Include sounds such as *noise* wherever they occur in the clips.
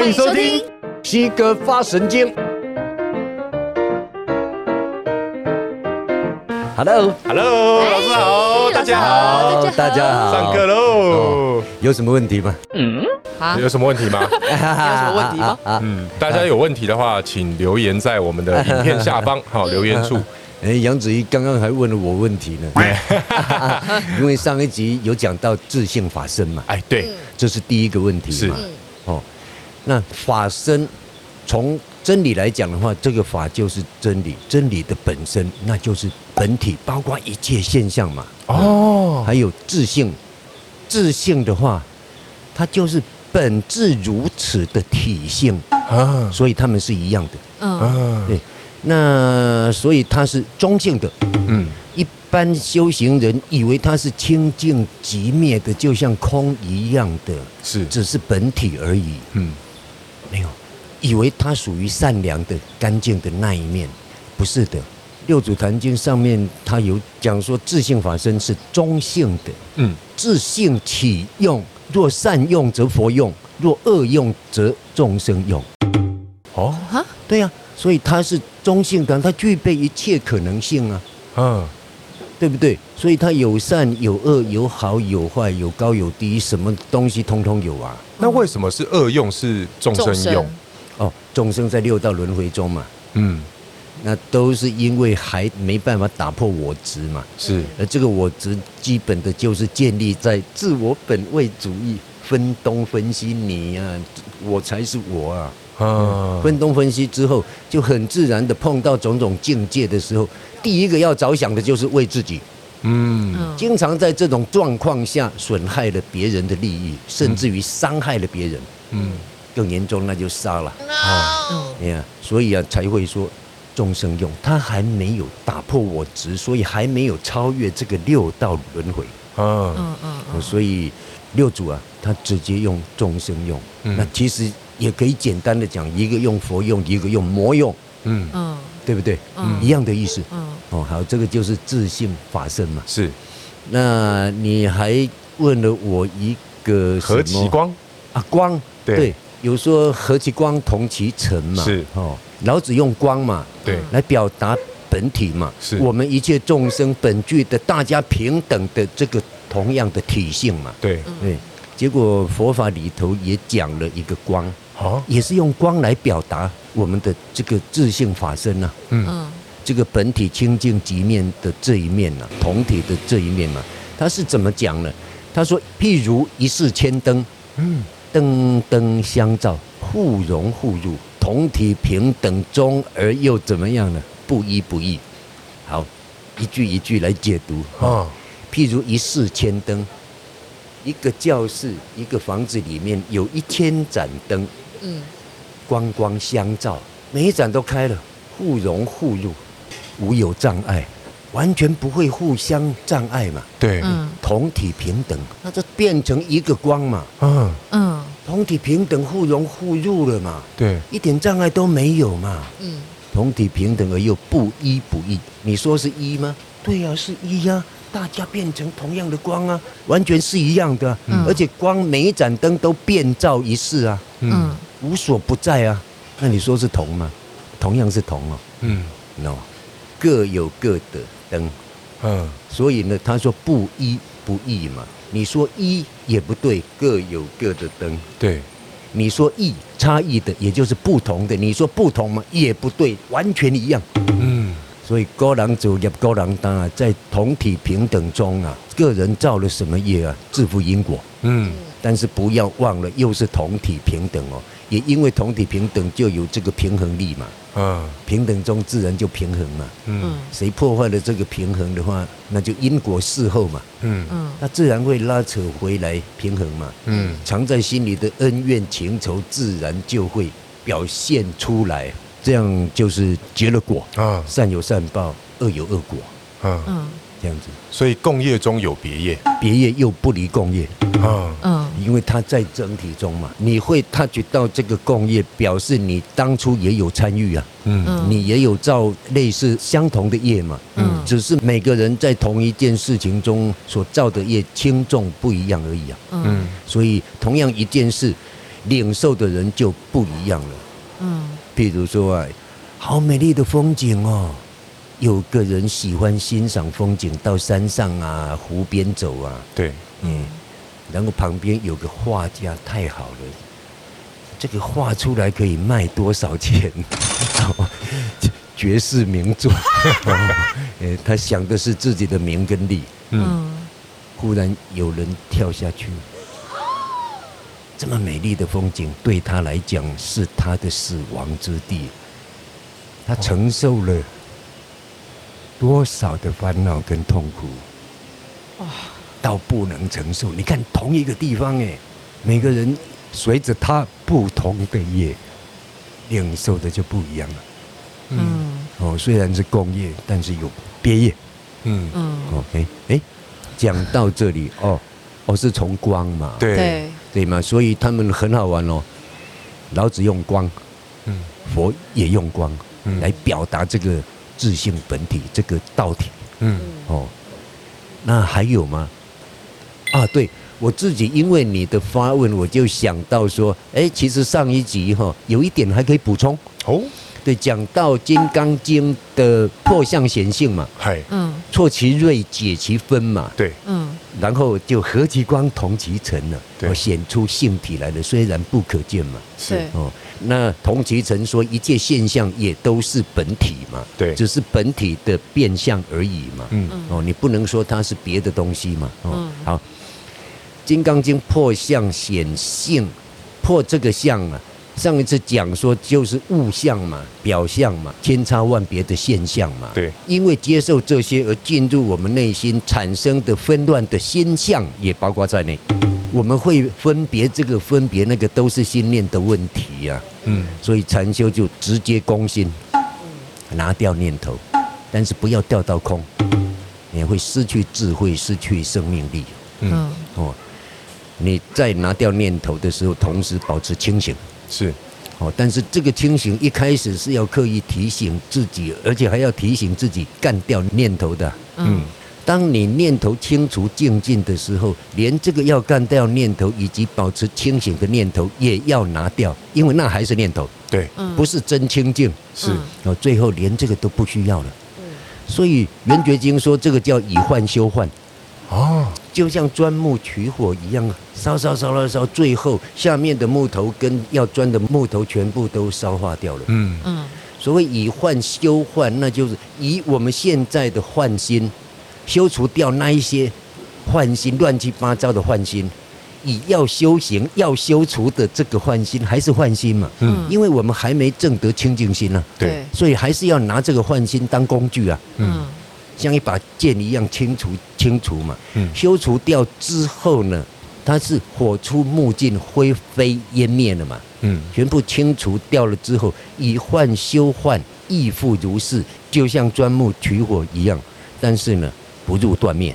歡迎收聽西哥發神經 Hello。Hello，Hello，老師好, hey, 好，大家好，大家好，上課嘍、嗯哦。有什麼問題嗎？嗯，好。有什麼問題嗎？ *laughs* 有什麼問題嗎、啊啊啊啊啊啊？嗯。大家有問題的話，請留言在我們的影片下方好、哦、留言處。哎、嗯，楊、欸、子怡剛剛還問了我問題呢。是是 *laughs* 因為上一集有講到自性法身嘛，哎，對，嗯、這是第一個問題是。哦、嗯。那法身，從真理來講的話，這個法就是真理，真理的本身，那就是本體，包括一切現象嘛。哦。還有智性，智性的話，它就是本質如此的體性啊。所以他們是一樣的。嗯。啊。對。那所以它是中性的。嗯。一般修行人以為它是清淨寂滅的，就像空一樣的。是。只是本體而已。嗯。沒有，以為他屬於善良的、乾淨的那一面，不是的。六祖壇經上面他有講說，自性法身是中性的。嗯，自性起用，若善用則佛用，若惡用則眾生用。哦，哈，對呀、啊，所以它是中性的，它具備一切可能性啊。嗯。對不對？所以它有善有惡，有好有壞，有高有低，什麼東西通通有啊。那為什麼是惡用？是眾生用。哦，眾生在六道輪回中嘛。嗯。那都是因為還沒辦法打破我執嘛。是。而這個我執，基本的就是建立在自我本位主義，分東分西你啊，我才是我啊。啊、嗯。分東分西之後，就很自然的碰到種種境界的時候。第一個要着想的就是為自己，嗯，經常在這種狀況下損害了別人的利益，甚至於傷害了別人，嗯，更嚴重那就殺了，啊，你看，所以啊才會說眾生用，他還沒有打破我執，所以還沒有超越這個六道輪迴，啊，嗯嗯，所以六祖啊他直接用眾生用，那其實也可以簡單的講，一個用佛用，一個用魔用，嗯嗯。對不對？嗯，一樣的意思。嗯，哦，好，這個就是自性法身嘛。是，那你還問了我一個和其光啊？光對，對，有說和其光同其塵嘛？是哦，老子用光嘛，對，來表達本體嘛。是我們一切眾生本具的大家平等的這個同樣的體性嘛？對對、嗯、對。結果佛法裡頭也講了一個光，好，也是用光來表達。我們的這個自性法身呢，嗯，這個本體清淨極面的這一面呢、啊，同體的這一面嘛、啊，他是怎麼講呢？他說：譬如一室千燈，嗯，燈燈相照，互融互入，同體平等中而又怎麼樣呢？不一不異。好，一句一句來解讀。哦，譬如一室千燈，一個教室，一個房子裡面有一千盞燈，嗯。光光相照，每一盞都開了，互融互入，無有障礙，完全不會互相障礙嘛？對，嗯，同體平等，那就變成一個光嘛？嗯嗯，同體平等，互融互入了嘛？對、嗯，一點障礙都沒有嘛？嗯，同體平等而又不一不異。你說是一嗎？對呀、啊，是一呀，大家變成同樣的光啊，完全是一樣的、啊，嗯嗯、而且光每一盞燈都遍照一室啊，嗯，嗯。無所不在啊，那你說是同嗎？同樣是同哦、喔，嗯那、no, 各有各的燈，嗯，所以呢，他說不一不異嘛。你說一也不對，各有各的燈，對。你說異，差異的，也就是不同的。你說不同嘛也不對，完全一樣，嗯。所以各人作業各人擔啊，在同體平等中啊，個人造了什麼業啊，自受因果，嗯。但是不要忘了，又是同體平等哦、喔。也因為同體平等就有這個平衡力嘛，嗯，平等中自然就平衡嘛，嗯，誰破壞了這個平衡的話，那就因果事後嘛，嗯嗯，那自然會拉扯回來平衡嘛，嗯，藏在心裡的恩怨情仇自然就會表現出來，這樣就是結了果，啊，善有善報，惡有惡果，啊。這樣子，所以共業中有別業，別業又不離共業。嗯嗯，因為它在整體中嘛，你會察覺到這個共業，表示你當初也有參與啊。嗯嗯，你也有造類似相同的業嘛。嗯，只是每個人在同一件事情中所造的業輕重不一樣而已啊。嗯，所以同樣一件事，領受的人就不一樣了。嗯，譬如說啊，好美麗的風景哦。有個人喜歡欣賞風景，到山上啊、湖邊走啊。對，嗯，然後旁邊有個畫家，太好了，這個畫出來可以賣多少錢？絕世名作。呃，他想的是自己的名跟利。嗯。忽然有人跳下去，這麼美麗的風景對他來講是他的死亡之地，他承受了。多少的煩惱跟痛苦，哇！到不能承受。你看同一個地方，哎，每個人隨着他不同的業，領受的就不一樣了。嗯。哦，雖然是共業，但是有別業。嗯、mm. 嗯、okay.。OK，哎，講到這裡，哦，我、哦、是從光嘛，對對，對嘛，所以他們很好玩哦。老子用光，嗯，佛也用光，嗯、mm.，來表達這個。自性本體這個道體，嗯，哦，那還有嗎？啊，對我自己，因為你的發問，我就想到說，哎，其實上一集哈，有一點還可以補充。哦，對，講到《金剛經》的破相顯性嘛，嗯，嗯，挫其銳，解其紛嘛，對，嗯，然後就和其光，同其塵了，我顯出性體來了，雖然不可見嘛，是哦。那同其成說一切現象也都是本體嘛，對，只是本體的變相而已嘛，嗯，哦，你不能說它是別的東西嘛，嗯，好，《金剛經》破相顯性，破這個相啊。上一次講說，就是物象嘛，表象嘛，千差萬別的現象嘛。對。因為接受這些而進入我們內心產生的紛亂的心象，也包括在內。我們會分別這個，分別那個，都是心念的問題啊。嗯。所以禪修就直接攻心，拿掉念頭，但是不要掉到空，你會失去智慧，失去生命力。嗯。哦，你在拿掉念頭的時候，同時保持清醒。是，哦，但是這個清醒，一開始是要刻意提醒自己，而且還要提醒自己幹掉念頭的。嗯，當你念頭清除清淨的時候，連這個要幹掉念頭以及保持清醒的念頭也要拿掉，因為那還是念頭。對，不是真清淨。嗯。是，哦，最後連這個都不需要了。嗯、所以《圓覺經》說這個叫以幻修幻。哦。就像鑽木取火一樣啊，燒燒燒燒、燒，最後下面的木頭跟要鑽的木頭全部都燒化掉了。嗯嗯，所謂以幻修幻，那就是以我們現在的幻心修除掉那一些幻心、亂七八糟的幻心，以要修行要修除的這個幻心還是幻心嘛。嗯，因為我們還沒證得清淨心呢。對，所以還是要拿這個幻心當工具啊。嗯。像一把劍一樣清除清除嘛，嗯，修除掉之後呢，它是火出木盡，灰飛煙滅了嘛，嗯，全部清除掉了之後，以幻修幻，亦復如是，就像鑽木取火一樣，但是呢，不入斷滅，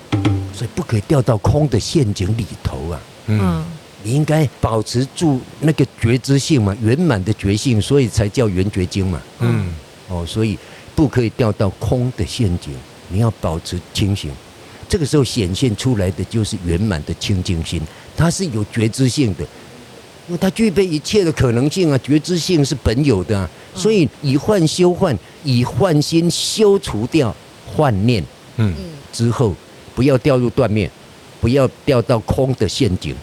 所以不可以掉到空的陷阱裡頭啊，嗯，你應該保持住那個覺知性嘛，圓滿的覺性，所以才叫圓覺經嘛，嗯，哦，所以不可以掉到空的陷阱。你要保持清醒，這個時候顯現出來的就是圓滿的清淨心，它是有覺知性的，因為它具備一切的可能性啊。覺知性是本有的、啊，所以以幻修幻，以幻心修除掉幻念，嗯，之後不要掉入斷滅，不要掉到空的陷阱。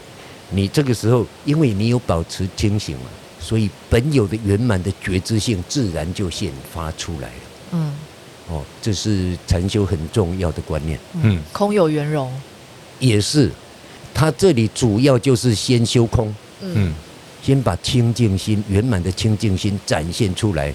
你這個時候，因為你有保持清醒了、啊，所以本有的圓滿的覺知性自然就顯發出來了，嗯。哦，這是禪修很重要的觀念。嗯，空有圓融，也是。他這裡主要就是先修空，嗯，先把清淨心圓滿的清淨心展現出來。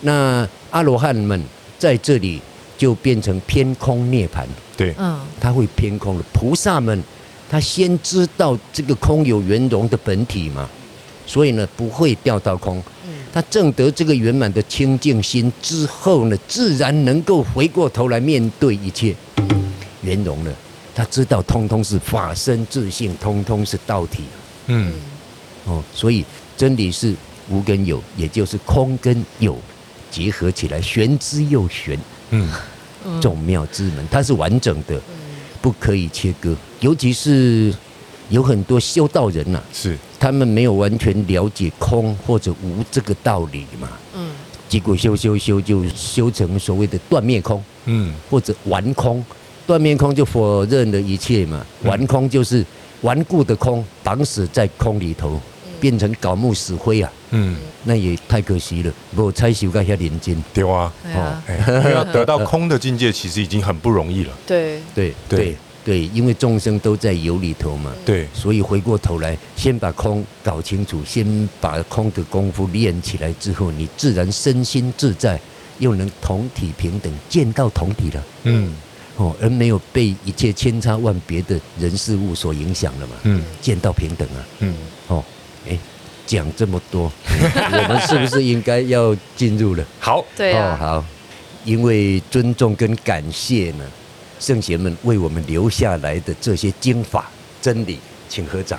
那阿羅漢們在這裡就變成偏空涅槃，對，嗯，他會偏空的。菩薩們，他先知道這個空有圓融的本體嘛，所以呢不會掉到空。嗯他證得這個圓滿的清淨心之後呢，自然能夠回過頭來面對一切圓融了。他知道通通是法身自性，通通是道體。嗯，哦，所以真理是無跟有，也就是空跟有結合起來，玄之又玄。嗯，眾妙之門，它是完整的、嗯，不可以切割。尤其是有很多修道人吶、啊，是。他們沒有完全了解空或者無這個道理嘛？嗯，結果修修修就修成所謂的斷滅空，嗯，或者頑空。斷滅空就否認了一切嘛，頑空就是頑固的空，擋死在空裡頭，變成槁木死灰啊。嗯，嗯，那也太可惜了。不，拆修一下連間。對啊，哦，啊啊、 *laughs* 要得到空的境界，其實已經很不容易了、呃。對，對，對，對。對，因為眾生都在有裡頭嘛，對，所以回過頭來，先把空搞清楚，先把空的功夫練起來之後，你自然身心自在，又能同體平等，見到同體了，嗯，哦，而沒有被一切千差萬別的人事物所影響了嘛，嗯，見到平等了，嗯，哦、欸，哎，講這麼多，我們是不是應該要進入了？ *laughs* 好，對哦、啊，好，因為尊重跟感謝呢。聖賢們為我們留下來的這些經法真理，請合掌。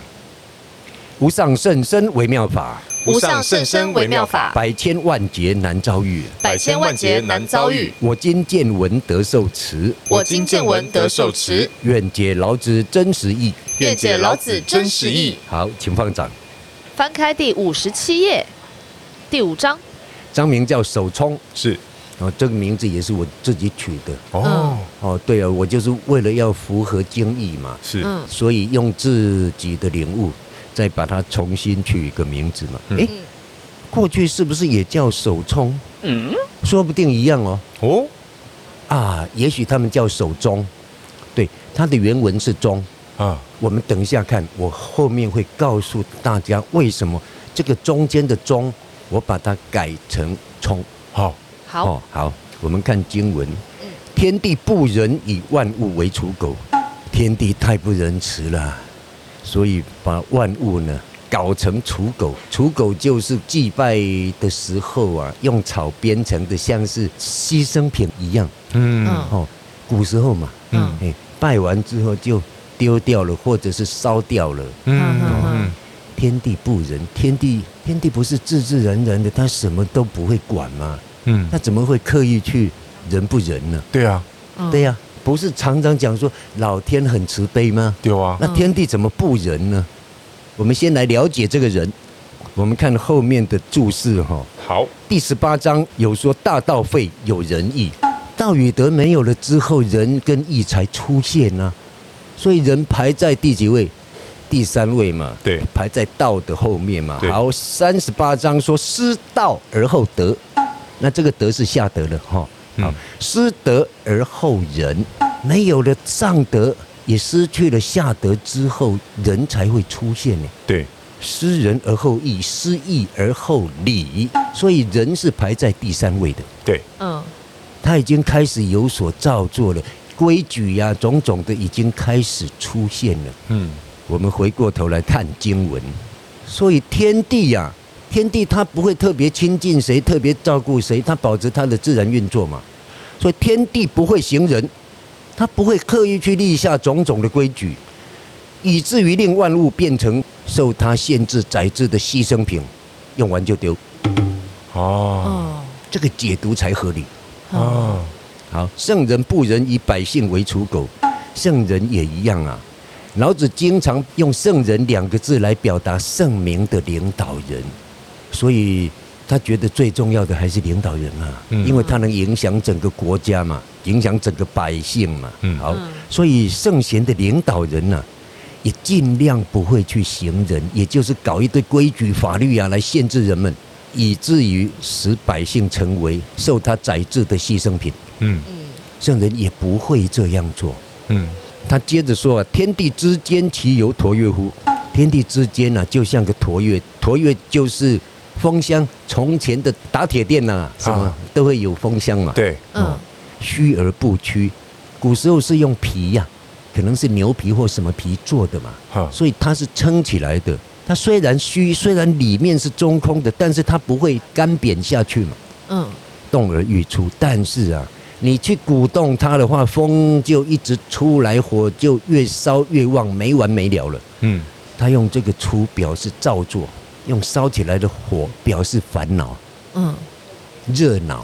無上甚深微妙法，無上甚深微妙法，百千萬劫難遭遇，百千萬劫難遭遇。我今見聞得受持，我今見聞得受持，願解老子真實義，願解老子真實義。好，請放掌。翻開第五十七頁，第五章，章名叫《守中是。哦，這個名字也是我自己取的哦。哦，對啊，我就是為了要符合經義嘛。是，所以用自己的領悟再把它重新取一個名字嘛。哎、嗯，過去是不是也叫守沖？嗯，說不定一樣哦。哦啊，也許他們叫守中，對，它的原文是中。啊。我們等一下看，我後面會告訴大家為什麼這個中間的中，我把它改成沖。好。哦哦，好，我們看經文。天地不仁，以萬物為芻狗。天地太不仁慈了，所以把萬物呢搞成芻狗。芻狗就是祭拜的時候啊，用草編成的，像是犧牲品一樣。嗯，哦，古時候嘛，哎，拜完之後就丟掉了，或者是燒掉了。嗯，嗯，天地不仁，天地天地，不是至，至仁仁的，他什麼都不會管嘛。嗯，那怎麼會刻意去仁不仁呢？對啊，對呀，不是常常講說老天很慈悲嗎？對啊，那天地怎麼不仁呢？我們先來了解這個人，我們看後面的註釋哈。好，第十八章有說大道廢，有仁義。道與德沒有了之後，仁跟義才出現呢。所以仁排在第幾位？第三位嘛。對，排在道的後面嘛。好，三十八章說失道而後德。那這個德是下德了哈，好，失德而後仁，沒有了上德，也失去了下德之後，人才會出現呢。對，失仁而後義，失義而後禮，所以仁是排在第三位的。對，嗯，他已經開始有所造作了，規矩呀、啊、種種的已經開始出現了。嗯，我們回過頭來看經文，所以天地呀、啊。天地他不會特別親近誰，特別照顧誰，他保持他的自然運作嘛。所以天地不會行仁，他不會刻意去立下種種的規矩，以至於令萬物變成受他限制、宰制的犧牲品，用完就丟。哦。哦，這個解讀才合理。哦，哦好，聖人不仁，以百姓為芻狗，聖人也一樣啊。老子經常用“聖人”兩個字來表達聖明的領導人。所以，他覺得最重要的還是領導人啊，因為他能影響整個國家嘛，影響整個百姓嘛。好，所以聖賢的領導人呢，也儘量不會去行人，也就是搞一堆規矩法律啊來限制人們，以至於使百姓成為受他宰制的犧牲品。嗯，聖人也不會這樣做。嗯，他接着說啊：天地之間，其有橐龠乎？天地之間呢，就像個橐龠，橐龠就是。風箱，從前的打鐵店吶，什麼都會有風箱嘛。對。嗯。虛而不屈，古時候是用皮呀、啊，可能是牛皮或什麼皮做的嘛。所以它是撐起來的，它雖然虛，雖然裡面是中空的，但是它不會乾扁下去嘛。嗯。動而愈出，但是啊，你去鼓動它的話，風就一直出來，火就越燒越旺，沒完沒了了。嗯。它用這個“出”表示造作。用燒起來的火表示煩惱，嗯，熱鬧，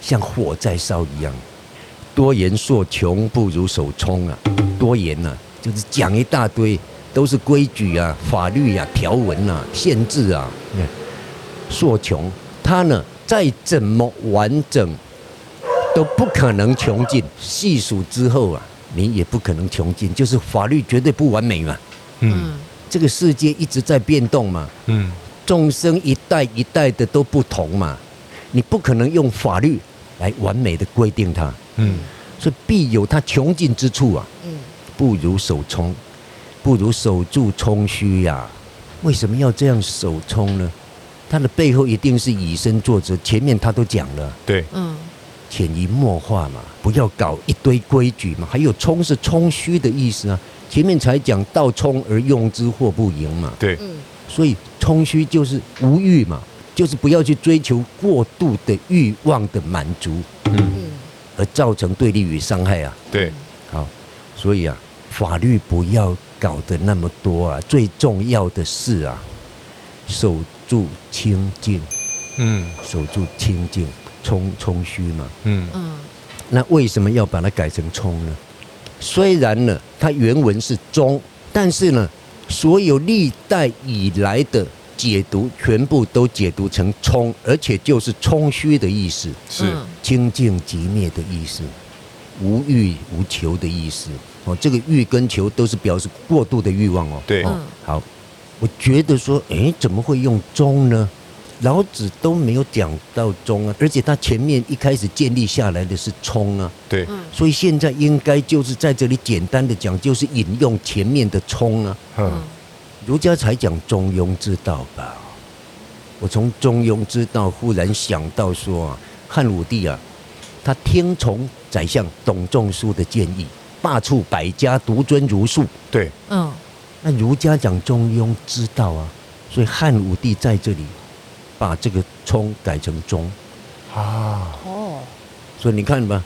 像火在燒一樣。多言數窮，不如守中啊！多言呢、啊，就是講一大堆，都是規矩啊、法律啊、條文啊、限制啊。數窮，它呢再怎麼完整，都不可能窮盡。細數之後啊，你也不可能窮盡，就是法律絕對不完美嘛、啊。嗯。這個世界一直在變動嘛，嗯，眾生一代一代的都不同嘛，你不可能用法律來完美的規定它，嗯，所以必有它窮盡之處啊，嗯，不如守沖，不如守住沖虛呀，為什麼要這樣守沖呢？它的背後一定是以身作則，前面他都講了，對，嗯，潛移默化嘛，不要搞一堆規矩嘛，還有沖是沖虛的意思啊。前面才講“道沖而用之，或不盈”嘛，對、嗯，所以沖虛就是無欲嘛，就是不要去追求過度的欲望的滿足，嗯，而造成對立與傷害啊。對、嗯，好，所以啊，法律不要搞得那麼多啊，最重要的是啊，守住清靜，嗯，守住清靜，沖沖虛嘛，嗯嗯，那為什麼要把它改成沖呢？雖然呢，它原文是“中”，但是呢，所有歷代以來的解讀全部都解讀成“沖”，而且就是“沖虛”的意思，是清淨寂滅的意思，無欲無求的意思。哦，這個“欲”跟“求”都是表示過度的欲望哦。對，好，我覺得說，哎，怎麼會用“中”呢？老子都沒有講到中啊，而且他前面一開始建立下來的是沖啊，對、嗯，所以現在應該就是在這裡簡單的講，就是引用前面的沖啊。嗯，嗯，儒家才講中庸之道吧？我從中庸之道忽然想到說啊，漢武帝啊，他聽從宰相董仲舒的建議，罷黜百家，獨尊儒術。對，嗯，嗯，那儒家講中庸之道啊，所以漢武帝在這裡。把這個“沖”改成“中”，啊，哦，所以你看吧，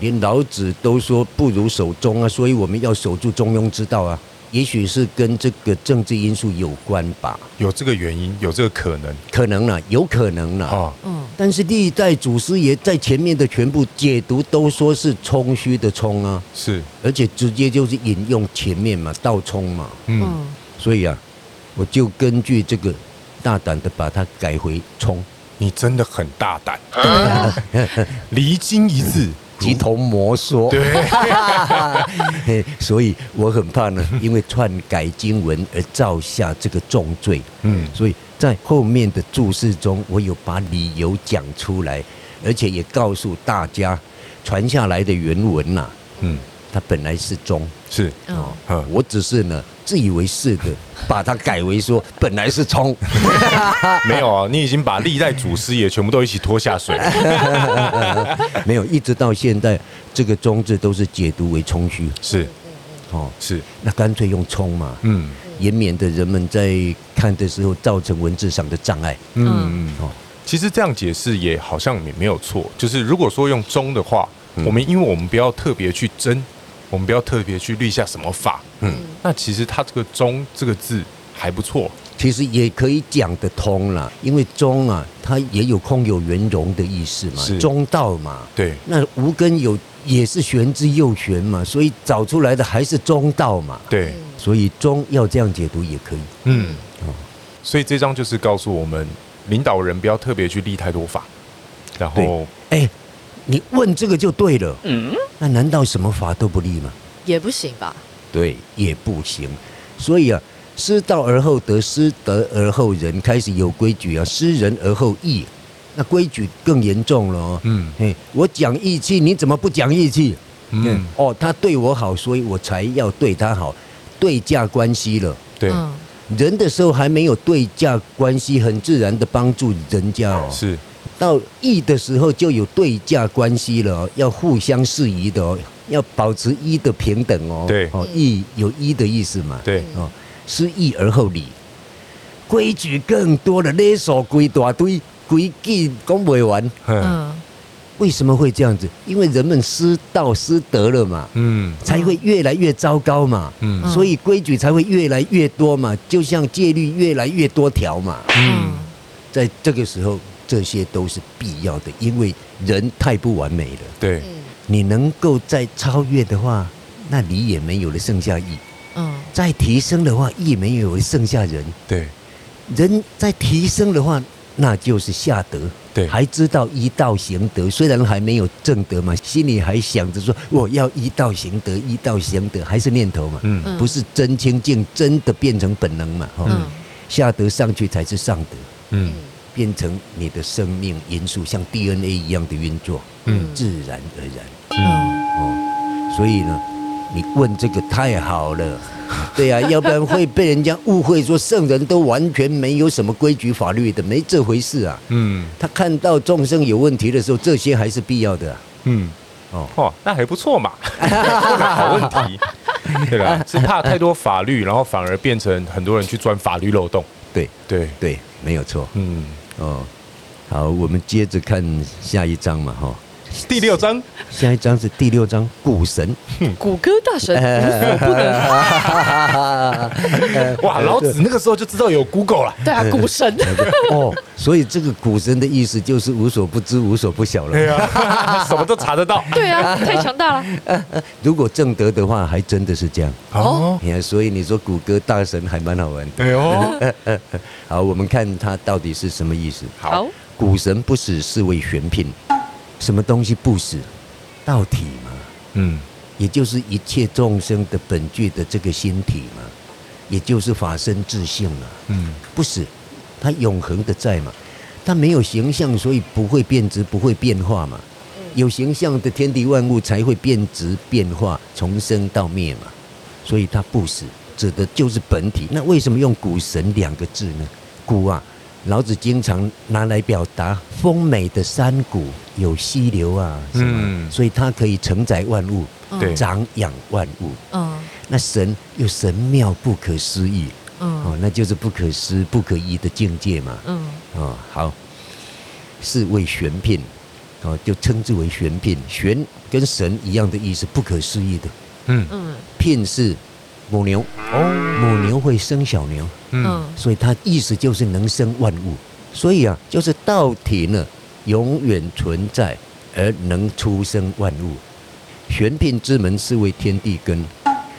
連老子都說不如守中啊，所以我們要守住中庸之道啊。也許是跟這個政治因素有關吧，有這個原因，有這個可能，可能啊，有可能啦，啊，嗯。但是歷代祖師爺在前面的全部解讀都說是“沖虛”的“沖”啊，是，而且直接就是引用前面嘛，道沖嘛，嗯。所以啊，我就根據這個。大膽的把它改回“沖”，你真的很大膽啊啊。離 *laughs* 經一字，如同魔說。對 *laughs* *laughs* 所以我很怕呢，因為篡改經文而造下這個重罪。嗯，所以在後面的注釋中，我有把理由講出來，而且也告訴大家傳下來的原文吶、啊。嗯。它本來是中，是哦，嗯，我只是呢自以為是的，把它改為說 *laughs* 本來是沖， *laughs* 沒有啊，你已經把歷代祖師也全部都一起拖下水了， *laughs* 沒有，一直到現在這個“中”字都是解讀為“沖虛”，是，哦，是，那乾脆用“沖”嘛，嗯，也免得人們在看的時候造成文字上的障礙，嗯嗯，哦、嗯，其實這樣解釋也好像也沒有錯，就是如果說用“中”的話，我們、嗯、因為我們不要特別去爭。我們不要特別去立下什麼法，嗯，那其實他這個“中”這個字還不錯，其實也可以講得通了，因為“中”啊，它也有空有圓融的意思嘛，是中道嘛，對，那無跟有也是玄之又玄嘛，所以找出來的還是中道嘛，對，所以“中”要這樣解讀也可以，嗯，嗯，所以這章就是告訴我們，領導人不要特別去立太多法，然後，哎。欸你問這個就對了，嗯，那難道什麼法都不立嗎？也不行吧。對，也不行。所以啊，失道而後德，失德而後仁，開始有規矩啊。失仁而後義，那規矩更嚴重了。嗯，嘿，我講義氣，你怎麼不講義氣？嗯，哦，他對我好，所以我才要對他好，對價關係了。對，嗯，人的時候還沒有對價關係，很自然的幫助人家。是。到義的時候，就有對價關係了。哦，要互相適宜的，哦，要保持義的平等哦。對哦，義有義的意思嘛。對哦，失義而後禮，規矩更多了勒索，規大堆規矩講不完。嗯，為什麼會這樣子？因為人們失道失德了嘛。嗯，才會越來越糟糕嘛。嗯，所以規矩才會越來越多嘛。就像戒律越來越多條嘛。嗯，在這個時候。這些都是必要的，因為人太不完美了。對，你能夠再超越的話，那你也沒有了剩下義；嗯，再提升的話，義沒有剩下仁。對，人再提升的話，那就是下德。對，還知道一道行德，雖然還沒有正德嘛，心裡還想着說我要一道行德，一道行德還是念頭嘛。嗯，不是真清淨，真的變成本能嘛。下德上去才是上德。嗯。變成你的生命因素，像 DNA 一樣的運作，嗯，自然而然，嗯，哦，所以呢，你問這個太好了，對啊，要不然會被人家誤會說聖人都完全沒有什麼規矩法律的，沒這回事啊，嗯，他看到眾生有問題的時候，這些還是必要的，嗯，哦，哦，那還不錯嘛，好問題，對吧？是怕太多法律，然後反而變成很多人去鑽法律漏洞，對對對，沒有錯，嗯。哦，好，我們接着看下一章嘛，哈。第六章，下一章是第六章，谷神，谷歌大神，嗯、不能，哇、嗯，老子那個時候就知道有 Google 了，對啊，谷神，哦，所以這個谷神的意思就是無所不知，無所不曉了，對啊，什麼都查得到，對啊，太強大了，如果正德的話，還真的是這樣，哦，你看，所以你說谷歌大神還蠻好玩的，對、哎、哦、嗯嗯，好，我們看他到底是什麼意思，好，谷神不死，是謂玄牝。什麼東西不死？道體嘛，嗯，也就是一切眾生的本具的這個心體嘛，也就是法身自性嘛、啊，嗯，不死，它永恆的在嘛，它沒有形象，所以不會變質、不會變化嘛。嗯、有形象的天地萬物才會變質、變化、從生到滅嘛。所以它不死，指的就是本體。那為什麼用谷神兩個字呢？谷啊。老子經常拿來表達豐美的山谷有溪流啊，所以它可以承載萬物，對，長養萬物、嗯，嗯、那神又神妙不可思議，哦，那就是不可思不可議的境界嘛、嗯，哦、嗯、好，是謂玄牝，就稱之為玄牝，玄跟神一樣的意思，不可思議的，嗯嗯，牝是。母牛，哦，母牛會生小牛，嗯，所以它意思就是能生萬物，所以啊，就是道體呢永遠存在而能出生萬物。玄牝之門是謂天地根，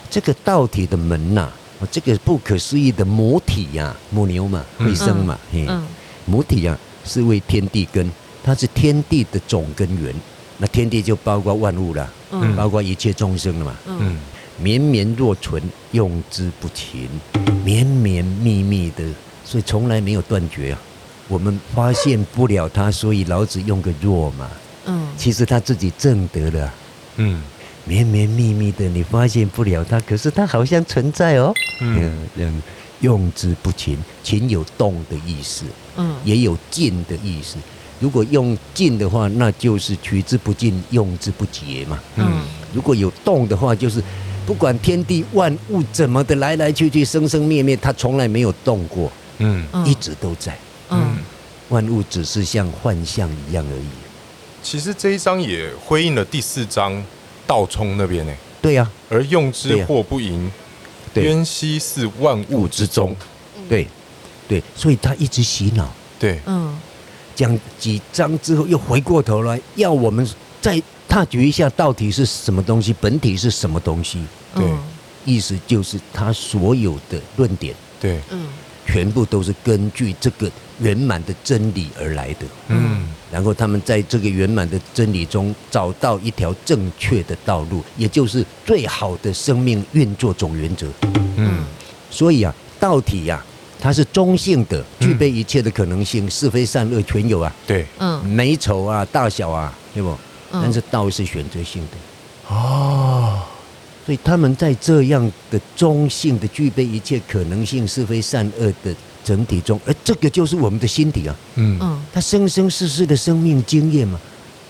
這個道體的門吶，這個不可思議的母體呀，母牛嘛會生嘛，嗯，母體呀，是為天地根，它是天地的總根源，那天地就包括萬物啦，嗯，包括一切眾生了嘛，嗯。綿綿若存，用之不勤，綿綿密密的，所以從來沒有斷絕啊。我們發現不了它，所以老子用個若嘛。嗯，其實他自己證得了。嗯，綿綿密密的，你發現不了它，可是它好像存在哦、喔嗯。嗯，用之不勤，勤有動的意思，嗯，也有盡的意思。如果用盡的話，那就是取之不盡，用之不竭嘛。嗯，如果有動的話，就是。不管天地萬物怎麼的來來去去、生生滅滅，它從來沒有動過，嗯，一直都在，嗯，萬物只是像幻象一樣而已。其實這一章也呼應了第四章道沖那邊呢，對呀、啊，而用之或不盈，淵兮、啊啊、似萬物之宗，對對，所以他一直洗腦，對，嗯，講幾章之後又回過頭來要我們再。探究一下道體是什麼東西，本體是什麼東西？對，意思就是他所有的論點，對，全部都是根據這個圓滿的真理而來的。嗯，然後他們在這個圓滿的真理中找到一條正確的道路，也就是最好的生命運作總原則。嗯，所以啊，道體呀，它是中性的，具備一切的可能性，是非善惡全有啊。對，嗯，美醜啊，大小啊，對不？但是道是選擇性的，哦，所以他們在這樣的中性的、具備一切可能性、是非善惡的整體中，而這個就是我們的心底啊，嗯嗯，他生生世世的生命經驗嘛，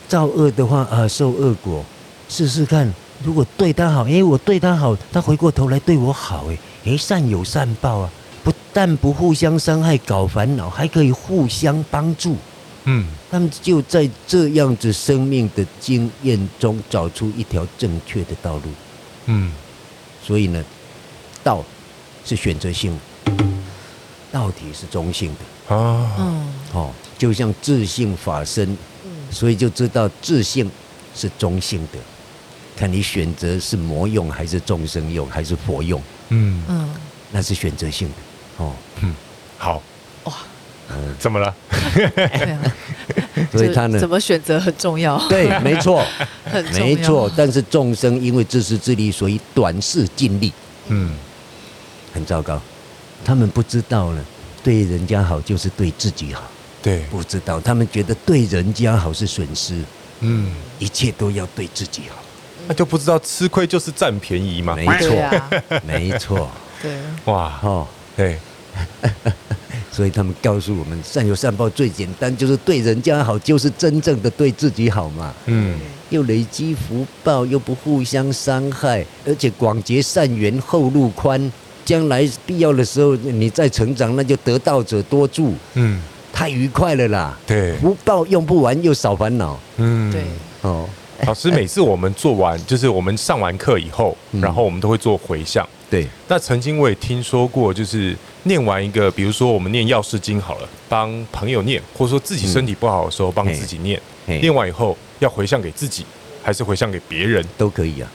造惡的話啊，受惡果，試試看，如果對他好，因為我對他好，他回過頭來對我好，哎，哎，善有善報啊，不但不互相傷害搞煩惱，還可以互相幫助。嗯，他們就在這樣子生命的經驗中找出一條正確的道路。嗯，所以呢，道是選擇性，道體是中性的啊、哦。嗯，好，就像自性法身，所以就知道自性是中性的，看你選擇是魔用還是眾生用還是佛用。嗯嗯，那是選擇性的哦。嗯，好哇。嗯、怎麼了？所以他們怎麼選擇很重要。對，沒錯， *laughs* 沒錯。但是眾生因為自私自利，所以短視近利。嗯，很糟糕。他們不知道呢，對人家好就是對自己好。對，不知道。他們覺得對人家好是損失。嗯，一切都要對自己好，那、嗯、就不知道吃虧就是占便宜嘛。沒錯、啊，沒錯。 *laughs* 對。哇哦，對。 *laughs* 所以他們告訴我們，善有善報最簡單，就是對人家好，就是真正的對自己好嘛。嗯，又累積福報，又不互相傷害，而且廣結善緣，後路寬，將來必要的時候你再成長，那就得道者多助。嗯，太愉快了啦。對，福報用不完，又少煩惱。嗯，對。哦，老師，每次我們做完， *laughs* 就是我們上完課以後，然後我們都會做回向。嗯、對，那曾經我也聽說過，就是。念完一個，比如說我們念藥師經好了，幫朋友念，或者說自己身體不好的時候、嗯、幫自己念。念完以後要回向給自己，還是回向給別人？都可以啊。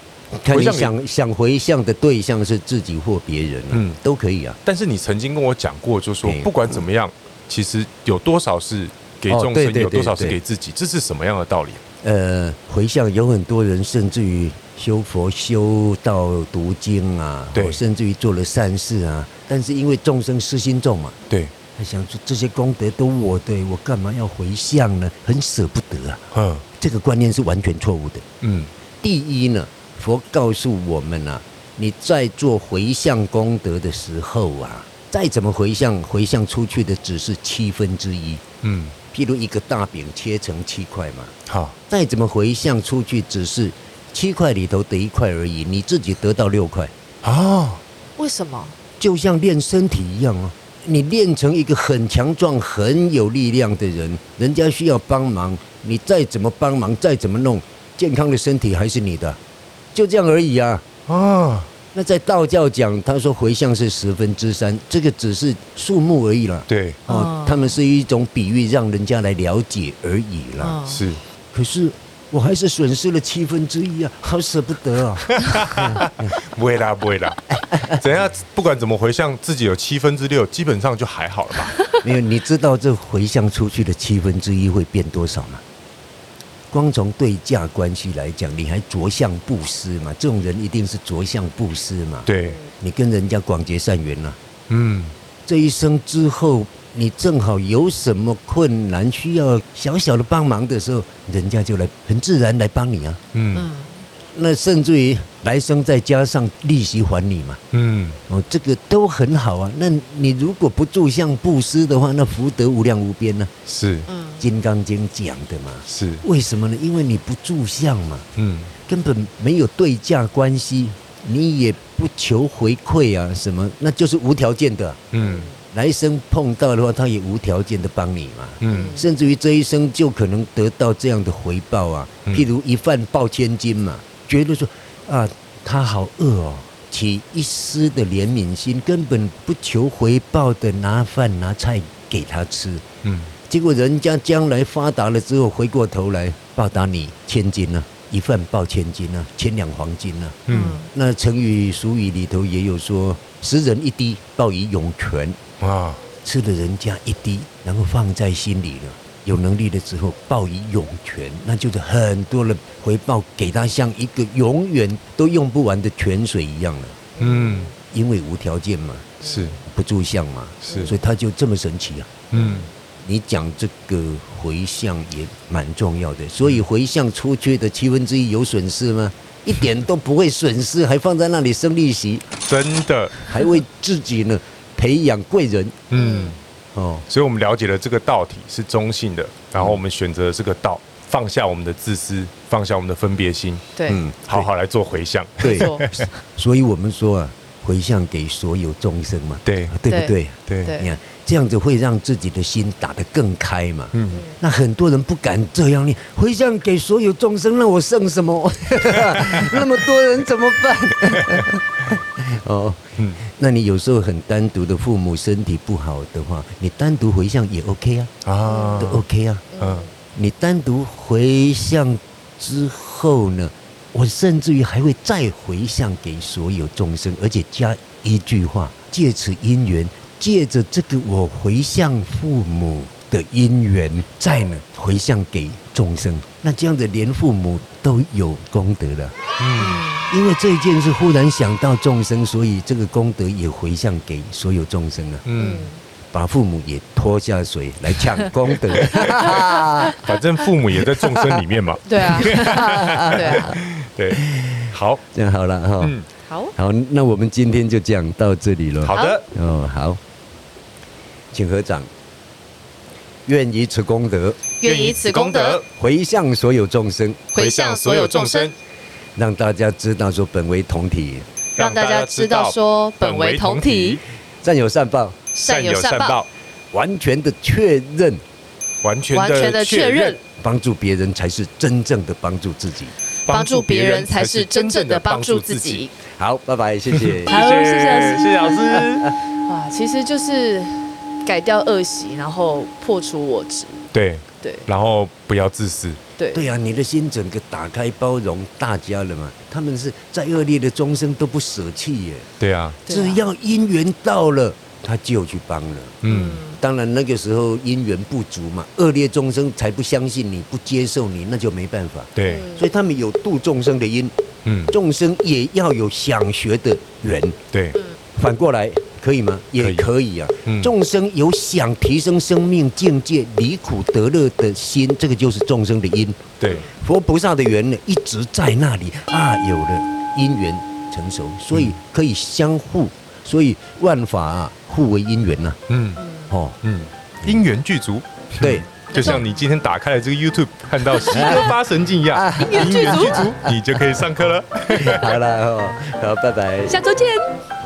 想回向，想回向的對象是自己或別人、啊，嗯，都可以啊。但是你曾經跟我講過就是，就說不管怎麼樣，其實有多少是給眾生、哦，有多少是給自己，這是什麼樣的道理？呃，迴向有很多人，甚至於修佛、修道、讀經啊，對，甚至於做了善事啊，但是因為眾生私心重嘛、啊，對，他想說這些功德都我的對，我幹嘛要迴向呢？很舍不得啊。嗯，這個觀念是完全錯誤的。嗯，第一呢，佛告訴我們啊，你在做迴向功德的時候啊，再怎麼迴向，迴向出去的只是七分之一。嗯。譬如，一個大餅切成七塊嘛，好，再怎麼回向出去，只是七塊裡頭的一塊而已。你自己得到六塊。啊？為什麼？就像練身體一樣啊，你練成一個很強壯、很有力量的人，人家需要幫忙，你再怎麼幫忙，再怎麼弄，健康的身體還是你的，就這樣而已啊。啊。那在道教講，他說迴向是十分之三，這個只是數目而已了。對，哦，他們是一種比喻，讓人家來了解而已了。哦、是，可是我還是損失了七分之一啊，好捨不得啊，哦。 *laughs* 不會啦，不會啦，等一下不管怎麼迴向，自己有七分之六，基本上就還好了吧。沒有，你知道這迴向出去的七分之一會變多少嗎？光從對價關係來講，你還着相布施嘛？這種人一定是着相布施嘛。對，你跟人家廣結善緣吶啊。嗯，這一生之後，你正好有什麼困難需要小小的幫忙的時候，人家就來很自然來幫你啊。嗯。那甚至於來生再加上利息還你嘛，嗯，哦，這個都很好啊。那你如果不住相布施的話，那福德無量無邊呢、啊？是，《金剛經》講的嘛。是，為什麼呢？因為你不住相嘛，嗯，根本沒有對價關係，你也不求回饋啊，什麼，那就是無條件的、啊。嗯，來生碰到的話，他也無條件的幫你嘛，嗯。嗯，甚至於這一生就可能得到這樣的回報啊，嗯、譬如一飯報千金嘛。覺得說，啊，他好餓哦，起一絲的憐憫心，根本不求回報的拿飯拿菜給他吃，嗯，結果人家將來發達了之後，回過頭來報答你千金呢、啊，一飯報千金呢、啊，千兩黃金呢、啊，嗯，那成語俗語裡頭也有說，食人一滴報以湧泉啊，吃了人家一滴，然後放在心裡了。有能力的時候報以湧泉，那就是很多人回報給他，像一個永遠都用不完的泉水一樣了。嗯，因為無條件嘛，是不住相嘛，是，所以他就這麼神奇啊。嗯，你講這個回向也蠻重要的，所以回向出去的七分之一有損失嗎？嗯？一點都不會損失， *laughs* 還放在那裡生利息，真的，還為自己呢培養貴人。嗯。哦，所以我們了解了這個道體是中性的，嗯、然後我們選擇了這個道，放下我們的自私，放下我們的分別心，對，嗯，好好來做回向，對，對 *laughs* 所以我們說啊，回向給所有眾生嘛，對，啊、對不對？對，對，你看。這樣子會讓自己的心打得更開嘛？嗯，那很多人不敢這樣，你迴向給所有眾生，那我剩什麼？那麼多人怎麼辦？哦，嗯，那你有時候很單獨的，父母身體不好的話，你單獨迴向也 OK 啊，啊，都 OK 啊，嗯，你單獨迴向之後呢，我甚至於還會再迴向給所有眾生，而且加一句話，借此因緣。借着這個，我迴向父母的因緣再呢，迴向給眾生。那這樣子連父母都有功德了。嗯，因為這一件事忽然想到眾生，所以這個功德也迴向給所有眾生了。嗯，把父母也拖下水來搶功德 *laughs* 反正父母也在眾生裡面嘛。對啊。對啊對啊，好，這樣好了哈。嗯，好好，那我們今天就講到這裡了。好的，哦，好。請合掌，願以此功德，願以此功德回向所有眾生，回向所有眾生，讓大家知道說本為同體，讓大家知道說本為同體，為同體善善，善有善報，善有善報，完全的確認，完全的確認，幫助別人才是真正的幫助自己，幫助別人才是真正的幫助自己。好，拜拜，謝謝， *laughs* 謝謝，謝謝老師。謝謝老師 *laughs* 哇，其實就是。改掉惡習，然後破除我執，對對，然後不要自私，對對啊，你的心整個打開包容大家了嘛？他們是再惡劣的眾生都不捨棄耶，對啊，只要因緣到了他就去幫了、啊。嗯，當然那個時候因緣不足嘛，惡劣眾生才不相信你，不接受你，那就沒辦法。對，所以他們有度眾生的因，嗯，眾生也要有想學的緣。對、嗯，反過來。可以嗎？也可以啊。眾生有想提升生命境界、離苦得樂的心，這個就是眾生的因。對，佛菩薩的緣呢，一直在那裡啊。有了因緣成熟，所以可以相互，所以萬法互為因緣、啊、嗯嗯嗯因緣呢嗯，哦，嗯，因緣具足。對，就像你今天打開了這個 YouTube，看到西哥發神經一樣，因緣具足，你就可以上課了。好了哦，好，好，拜拜，下週見。